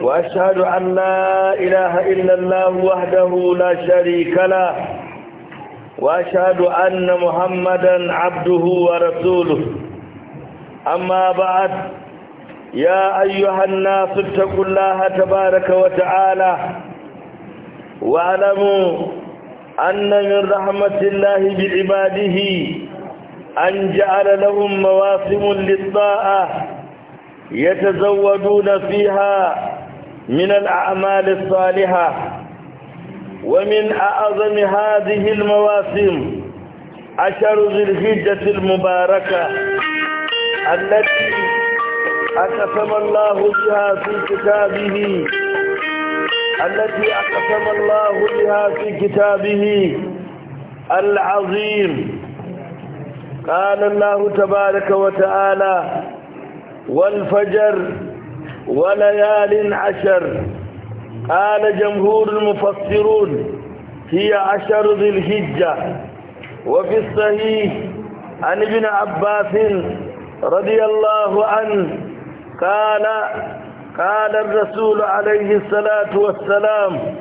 وأشهد أن لا إله إلا الله وحده لا شريك له وأشهد أن محمدا عبده ورسوله أما بعد يا أيها الناس اتقوا الله تبارك وتعالى واعلموا أن من رحمة الله بعباده أن جعل لهم مواسم للطاعة يتزودون فيها من الأعمال الصالحة ومن أعظم هذه المواسم عشر ذي الهجة المباركة التي أقسم الله بها في كتابه التي أقسم الله بها في كتابه العظيم قال الله تبارك وتعالى والفجر وليال عشر قال جمهور المفسرون هي عشر ذي الهجة وفي الصحيح عن ابن عباس رضي الله عنه قال قال الرسول عليه الصلاة والسلام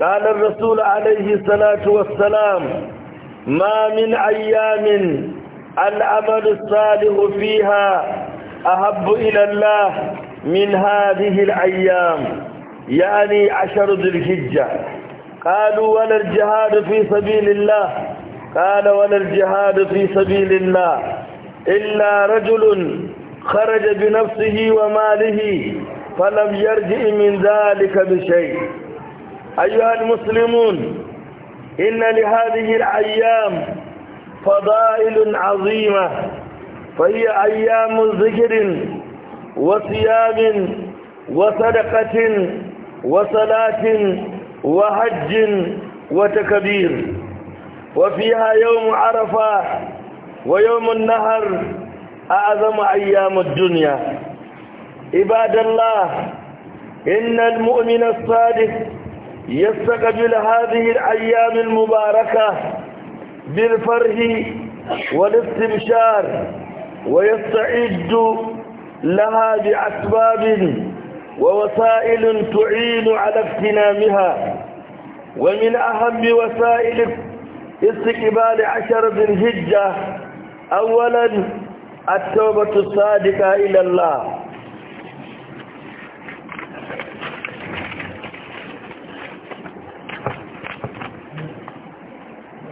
قال الرسول عليه الصلاة والسلام ما من أيام العمل الصالح فيها أحب إلى الله من هذه الأيام يعني عشر ذي الحجة قالوا ولا الجهاد في سبيل الله قال ولا الجهاد في سبيل الله إلا رجل خرج بنفسه وماله فلم يرجع من ذلك بشيء أيها المسلمون إن لهذه الأيام فضائل عظيمة فهي أيام ذكر وصيام وصدقة وصلاة وحج وتكبير وفيها يوم عرفة ويوم النهر أعظم أيام الدنيا عباد الله إن المؤمن الصادق يستقبل هذه الأيام المباركة بالفرح والاستبشار ويستعد لها بأسباب ووسائل تعين على اغتنامها ومن أهم وسائل استقبال عشر ذي الهجة أولا التوبة الصادقة إلى الله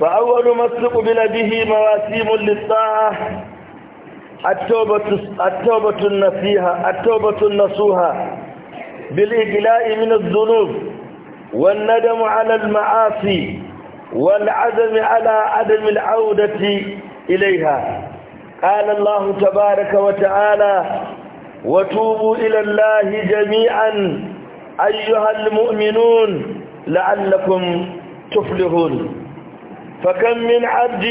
فأول ما استقبل به مواسيم للطاعة التوبة النفيها التوبة النصوها بالإجلاء من الذنوب والندم على المعاصي والعزم على عدم العودة إليها قال الله تبارك وتعالى وتوبوا إلى الله جميعا أيها المؤمنون لعلكم تفلحون فكم من عبد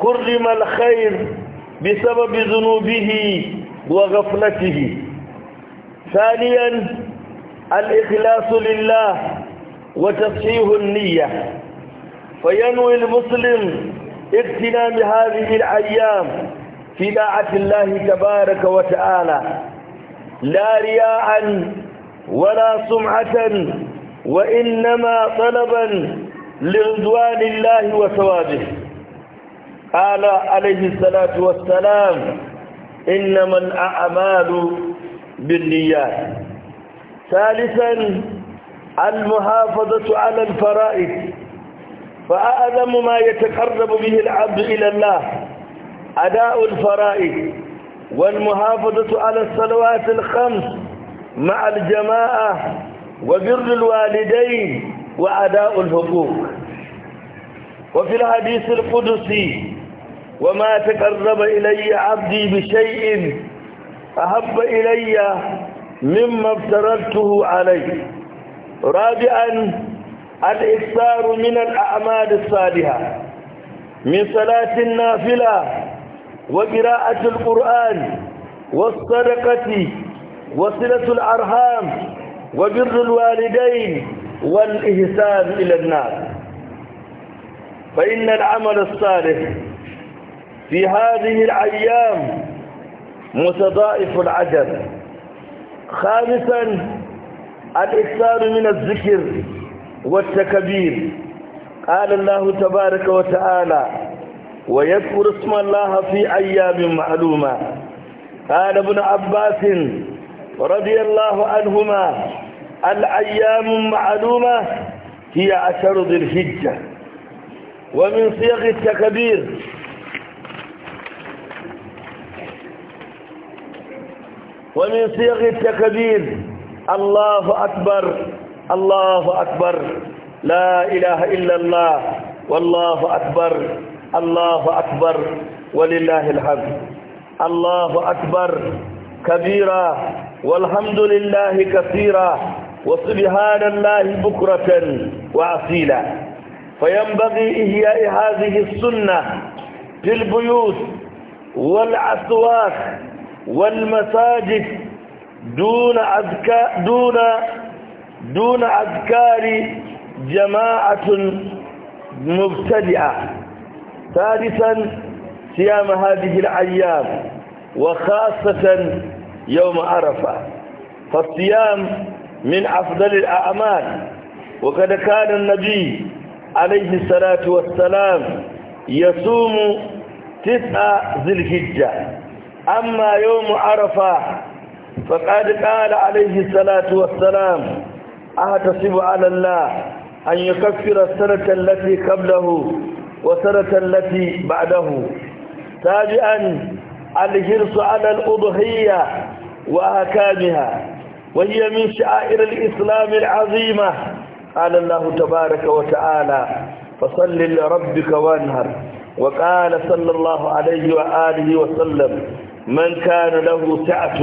كرم الخير بسبب ذنوبه وغفلته ثانيا الإخلاص لله وتصحيح النية فينوي المسلم اغتنام هذه الأيام في داعة الله تبارك وتعالى لا رياء ولا سمعة وإنما طلبا لرضوان الله وثوابه قال عليه الصلاة والسلام إنما الأعمال بالنيات ثالثا المحافظة على الفرائض فأعظم ما يتقرب به العبد إلى الله أداء الفرائض والمحافظة على الصلوات الخمس مع الجماعة وبر الوالدين وأداء الحقوق وفي الحديث القدسي وما تقرب إلي عبدي بشيء أحب إلي مما افترضته عليه رابعا الإكثار من الأعمال الصالحة من صلاة النافلة وقراءة القرآن والصدقة وصلة الأرحام وبر الوالدين والإحسان إلى الناس فإن العمل الصالح في هذه الأيام متضائف العدد خامسا الإكثار من الذكر والتكبير قال الله تبارك وتعالى ويذكر اسم الله في أيام معلومة قال ابن عباس رضي الله عنهما الأيام معلومة هي عشر ذي الحجة ومن صيغ التكبير ومن صيغ التكبير الله أكبر الله أكبر لا إله إلا الله والله أكبر الله أكبر ولله الحمد الله أكبر كبيرا والحمد لله كثيرا وسبحان الله بكرة وعصيلا فينبغي إحياء هذه السنة في البيوت والأسواق والمساجد دون أذكار دون دون أذكار جماعة مبتدئة ثالثا صيام هذه الأيام وخاصة يوم عرفة فالصيام من أفضل الأعمال وقد كان النبي عليه الصلاة والسلام يصوم تسعة ذي الحجة أما يوم عرفة فقد قال عليه الصلاة والسلام أحتسب على الله أن يكفر السنة التي قبله وسنة التي بعده تابعا الحرص على الأضحية وأكامها وهي من شعائر الإسلام العظيمة قال الله تبارك وتعالى فصل لربك وانهر وقال صلى الله عليه وآله وسلم من كان له سعة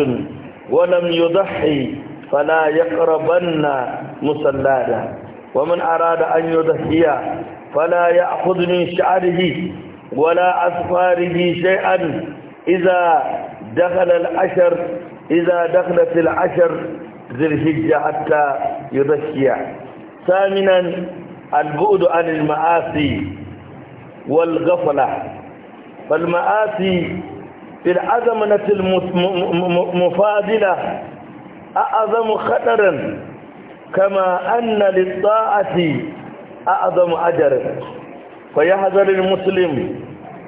ولم يضحي فلا يقربن مصلانا ومن أراد أن يضحي فلا يأخذ من شعره ولا أسفاره شيئا إذا دخل العشر إذا دخلت العشر ذي الهجة حتى يضحي ثامنا البعد عن المعاصي والغفلة فالمعاصي في بالأزمنة المفاضلة أعظم خطرا كما أن للطاعة أعظم أجر فيحذر المسلم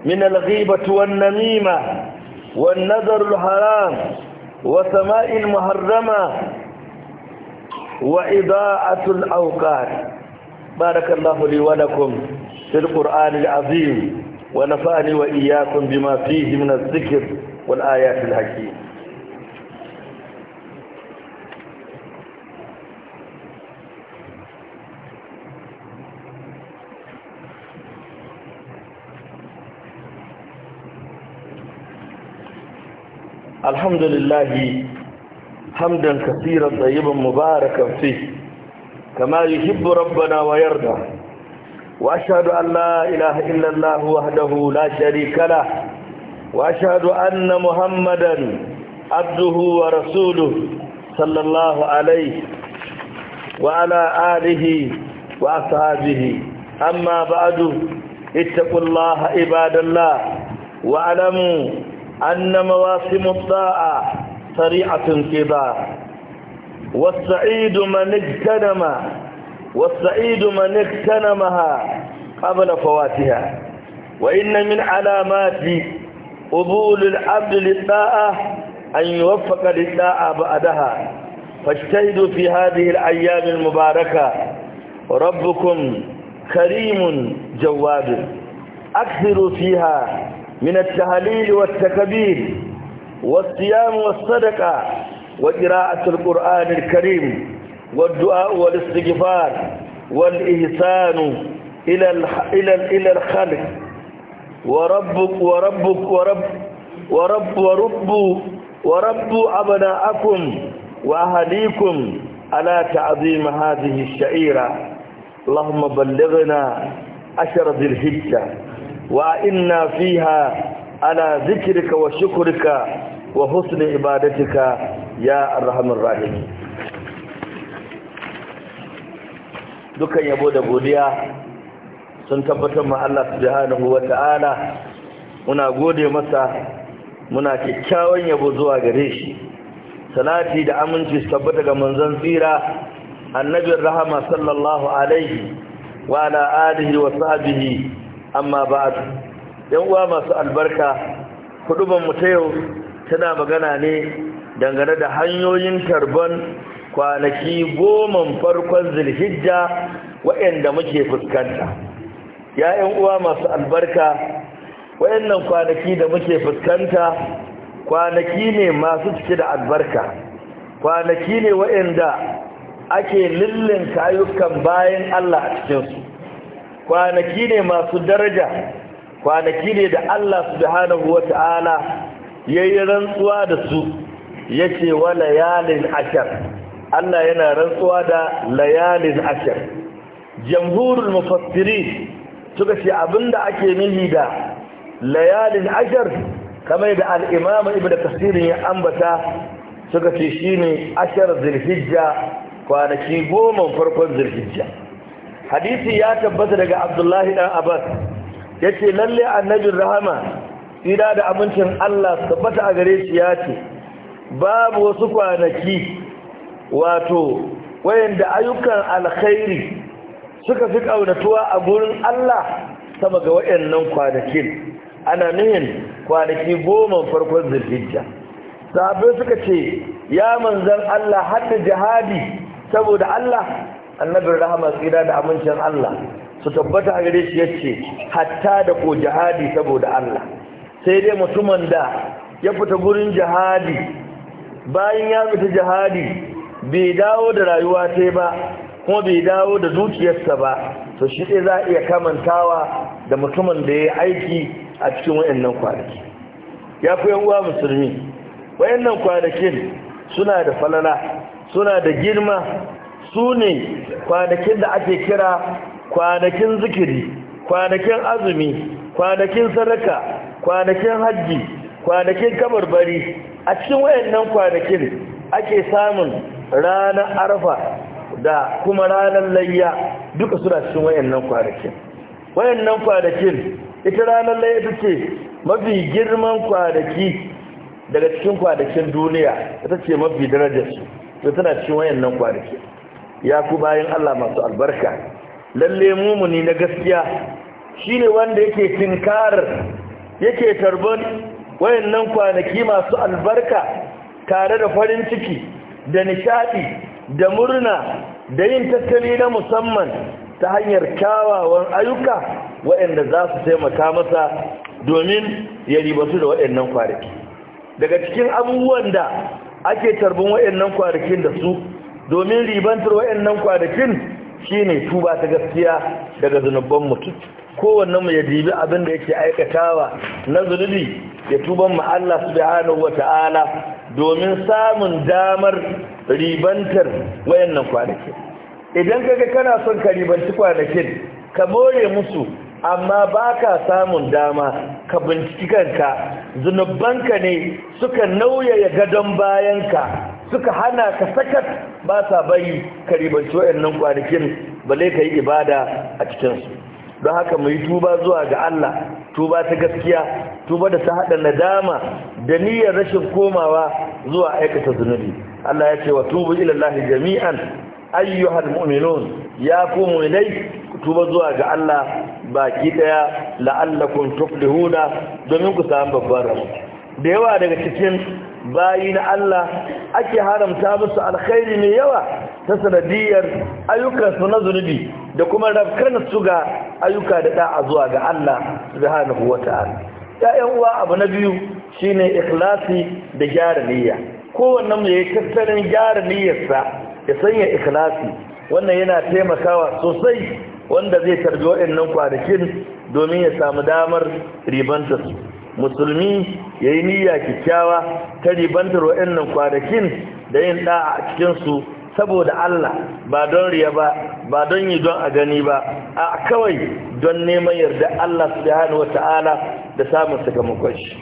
من الغيبة والنميمة والنذر الحرام وسماء المحرمة وإضاءة الأوقات بارك الله لي ولكم في القرآن العظيم ونفعني وإياكم بما فيه من الذكر والآيات الحكيم الحمد لله حمدا كثيرا طيبا مباركا فيه كما يحب ربنا ويرضى وأشهد أن لا إله إلا الله وحده لا شريك له وأشهد أن محمدا عبده ورسوله صلى الله عليه وعلى آله وأصحابه أما بعد اتقوا الله عباد الله واعلموا أن مواسم الطاعة سريعة انقضاء والسعيد من اجتنم والسعيد من اغتنمها قبل فواتها وإن من علامات قبول العبد للطاعة أن يوفق للطاعة بعدها فاجتهدوا في هذه الأيام المباركة ربكم كريم جواد أكثروا فيها من التهليل والتكبير والصيام والصدقة وقراءة القرآن الكريم والدعاء والاستغفار والإحسان إلى إلى إلى الخلق وربك وربك ورب ورب ورب ورب أبناءكم وأهليكم على تعظيم هذه الشعيرة اللهم بلغنا عشر ذي الحجة وإنا فيها على ذكرك وشكرك وحسن عبادتك يا أرحم الراحمين dukan yabo da godiya sun tabbatar ma Allah subhanahu ta'ala muna gode masa muna kyakkyawan yabo zuwa gare shi salati da aminci su tabbata ga manzon tsira annabin rahama sallallahu alaihi wa ala alihi wa sahbihi amma ba'd yan uwa masu albarka kudubanmu mu ta yau tana magana ne dangane da hanyoyin tarban kwanaki goman farkon zulhijja waɗanda muke fuskanta ‘ya'yan uwa masu albarka waɗannan kwanaki da muke fuskanta kwanaki ne masu cike da albarka kwanaki ne waɗanda ake lullun kayukan bayan Allah a cikinsu kwanaki ne masu daraja kwanaki ne da Allah subhanahu wa ta'ala ya yi rantsuwa da su yace ce wa layalin ashar Allah yana rantsuwa da layalin ashir jamhurul mufassiri suka ce abinda ake nufi da layalin ashir kamar da al-imam ibnu kasir ya ambata suka ce shine ashar zulhijja kwanaki goma farkon zulhijja hadisi ya tabbata daga abdullahi dan abbas yace lalle annabin rahama ida da abincin Allah tabbata a gare shi ya ce babu wasu kwanaki wato wayanda ayyukan alkhairi suka fi ƙaunatuwa a gurin Allah sama ga wayannan kwanakin ana nuhin kwanaki goma farkon zulhijja sahabbai suka ce ya manzan Allah hadda jihadi saboda Allah annabin rahama tsira da amincin Allah su tabbata a gare shi yace hatta da ko jihadi saboda Allah sai dai mutumin da ya fita gurin jihadi bayan ya fita jihadi bai dawo da rayuwa sai ba kuma bai dawo da dukiyarsa ba to shi sai za a iya kamantawa da mutumin da ya aiki a cikin wayannan kwanaki ya fi uwa musulmi wayannan kwanakin suna da falala suna da girma su ne kwanakin da ake kira kwanakin zikiri kwanakin azumi kwanakin sadaka kwanakin hajji kwanakin kabarbari a cikin wayannan kwanakin ake samun ranar arfa da kuma ranar layya duka suna cikin wayannan kwanakin wayannan kwanakin ita ranar layya ta ce mafi girman kwanaki daga cikin kwanakin duniya ita ce mafi darajar su to tana cikin wayannan kwanaki ya ku bayan Allah masu albarka lalle mumuni na gaskiya shine wanda yake tinkarar yake tarban wayannan kwanaki masu albarka tare da farin ciki da nishadi da murna da yin tattali na musamman ta hanyar kyawawan ayyuka waɗanda za su taimaka masa domin ya su da waɗannan kwariki. daga cikin abubuwan da ake tarbin waɗannan kwarikin da su domin ribantar waɗannan kwarikin shi ne tuba ta gaskiya daga zunuban mutum kowanne mu ya dibi abin da yake aikatawa na zunubi ya tuban mu Allah subhanahu wata'ala domin samun damar ribantar wayannan kwanakin idan kaga kana son ka ribanci kwanakin ka more musu amma ba ka samun dama ka binciki kanka zunubanka ne suka nauyaya gadon bayanka suka hana ka sakat ba sa bari ka ribanci wayannan kwanakin balle ka yi ibada a cikinsu don haka mu yi tuba zuwa ga Allah tuba ta gaskiya tuba da ta haɗa nadama da niyyar rashin komawa zuwa aikata zunubi Allah ya ce wa tubu ilallahi jami'an ayyuhal mu'minun ya ku mu'minai tuba zuwa ga Allah baki daya la'allakum tuflihuna domin ku samu babbar rabo da yawa daga cikin bayi na Allah ake haramta musu alkhairi mai yawa ta sanadiyar ayyukansu na zunubi da kuma rafkar su ga ayyuka da da'a zuwa ga Allah subhanahu wata'ala ya'yan uwa abu na biyu shine ikhlasi da gyara niyya kowanne mu yayi tattalin gyara niyyarsa ya sanya ikhlasi wannan yana taimakawa sosai wanda zai tarbi waɗannan kwanakin domin ya samu damar ribantarsu. musulmi ya yi niyya kyakkyawa ta ribantar waɗannan kwanakin da yin ɗa a cikinsu saboda Allah ba don riya ba ba don yi don a gani ba a kawai don neman yarda Allah su da hannu wata'ala da samun sakamakon shi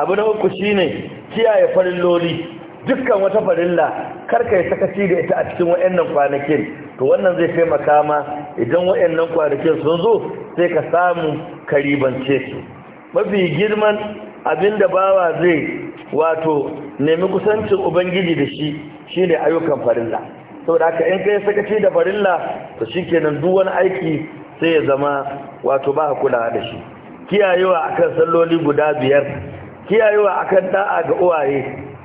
abu na uku ne kiyaye farilloli dukkan wata farilla karka yi sakaci da ita a cikin waɗannan kwanakin to wannan zai taimaka ma idan waɗannan kwanakin sun zo sai ka samu karibance su mafi girman abinda bawa zai wato nemi kusancin ubangiji da shi shi ne ayyukan farilla saboda aka in kai sakaci da farilla to shi kenan wani aiki sai ya zama wato ba kulawa da shi kiyayewa kan salloli guda biyar kiyayewa akan da'a ga uwaye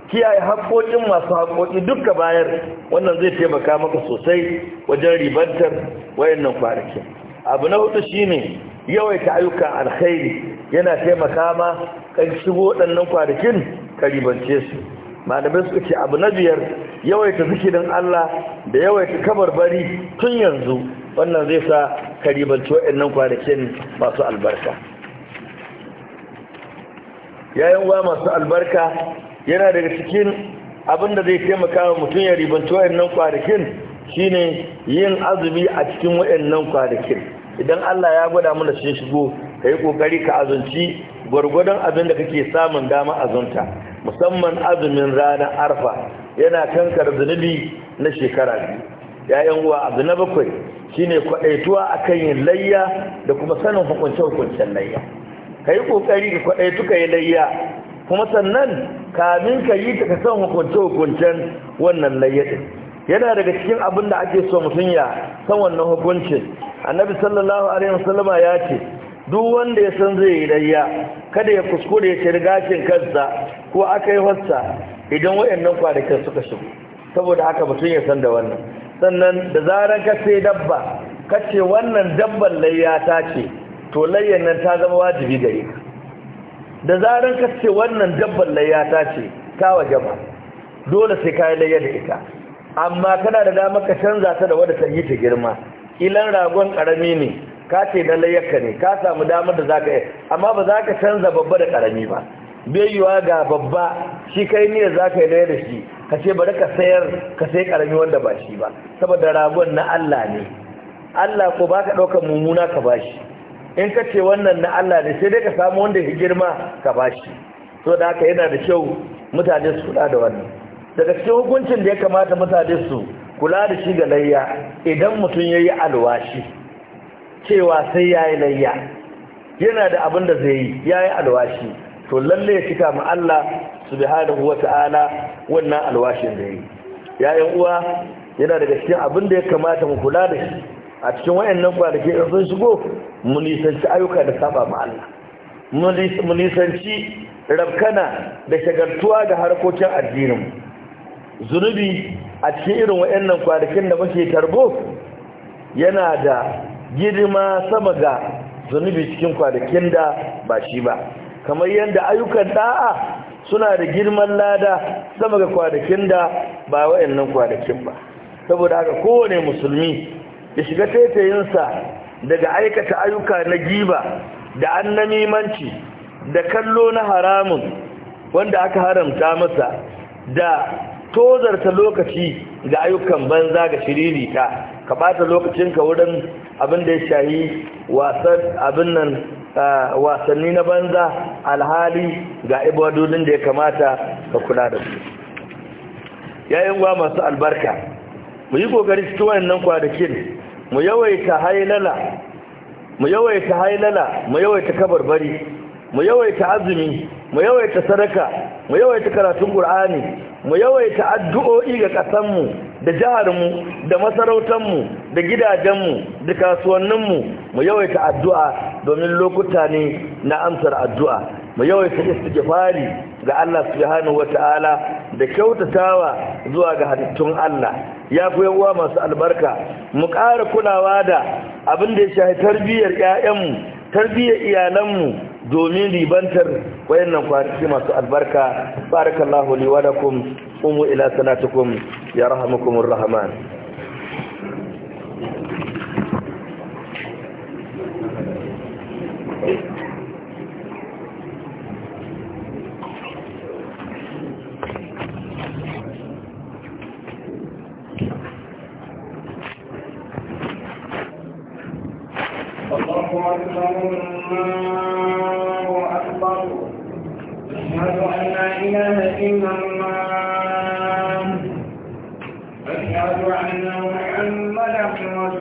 kiyaye haƙoƙin masu haƙoƙi duka bayar wannan zai taimaka maka sosai wajen ribantar wayannan kwanakin. abu na hudu shine yawaita ayyukan alkhairi yana taimaka ma kan shigo waɗannan kwanakin ka ribance su malamai suka ce abu na biyar yawaita zikirin Allah da yawaita kabarbari tun yanzu wannan zai sa ka ribanci waɗannan kwanakin masu albarka yayin wa masu albarka yana daga cikin abin da zai taimaka wa mutum ya ribanci waɗannan kwanakin shine yin azumi a cikin waɗannan kwanakin idan Allah ya gwada mana shi shigo ka yi ƙoƙari ka azunci gwargwadon abin da kake samun dama azunta musamman azumin ranar arfa yana kankar zunubi na shekara biyu ‘ya'yan uwa abu na bakwai shine kwaɗaituwa akan kan yin layya da kuma sanin hukunce-hukuncen layya ka yi ƙoƙari ka kwaɗaitu ka yi layya kuma sannan kamin ka yi ta ka san hukunce-hukuncen wannan layyatin yana daga cikin abin da ake so mutum ya san wannan hukuncin annabi sallallahu alaihi wasallama ya ce duk wanda ya san zai yi layya kada ya kuskure ya shirga cin kansa ko aka yi wasa idan wayannan kwanakin suka shigo saboda haka mutum ya san da wannan sannan da zaran ka sai dabba ka ce wannan dabban layya ta ce to layyan nan ta zama wajibi gare ka da zaran ka ce wannan dabban layya ta ce ta ba. dole sai ka yi layya da ita amma kana da dama ka canza ta da wadda ta yi ta girma ilan ragon karami ne ka ce na layyaka ne ka samu damar da za ka yi amma ba za ka canza babba da karami ba bai ga babba shi kai ne za ka yi layar da shi ka ce bari ka sayar ka sai karami wanda ba shi ba saboda ragon na Allah ne Allah ko ba ka ɗaukar mummuna ka ba shi in ka ce wannan na Allah ne sai dai ka samu wanda ya girma ka ba shi so da haka yana da kyau mutane su kula da wannan daga cikin hukuncin da ya kamata mutane su kula da shi ga layya idan mutum ya yi alwashi cewa sai ya yi layya yana da abin da zai yi ya yi alwashi to lalle ya cika ma Allah su subhanahu wa ta'ala wannan alwashin da yi yayin uwa yana daga cikin abin da ya kamata mu kula da shi a cikin wayannan kwanaki in sun shigo mu nisanci ayyuka da saba ma Allah mu nisanci rabkana da shagaltuwa ga harkokin addinin zunubi a cikin irin wayannan kwanakin da muke tarbo yana da girma sama ga zunubi cikin kwanakin da ba shi ba kamar yadda ayyukan da'a suna da girman lada sama ga kwanakin da ba wa'annan kwanakin ba saboda haka kowane musulmi ya shiga taitayinsa daga aikata ayyuka na giba da annamimanci da kallo na haramun wanda aka haramta masa da tozarta lokaci ga ayyukan banza ga shiririta ka bata lokacinka wurin abin da ya shayi abin wasanni na banza alhali ga ibadodin da ya kamata ka kula da su yayin wa masu albarka mu yi kokari cikin wannan kwanakin mu yawaita hailala mu yawaita hailala mu yawaita kabarbari mu yawaita azumi mu yawaita sadaka mu yawaita karatun qur'ani mu yawaita addu'o'i ga kasanmu da jihar mu, da masarautar mu, da gidajenmu da kasuwanninmu mu yawaita addu'a domin lokuta ne na amsar addu'a mu yawaita istighfari ga Allah subhanahu wata'ala da kyautatawa zuwa ga halittun Allah ya ku uwa masu albarka mu ƙara kulawa da abin da ya shahi tarbiyyar 'ya'yanmu tarbiyyar iyalanmu domin ribantar wayannan kwanaki masu albarka barakallahu li wa lakum umu ila salatukum ya rahamukumur rahman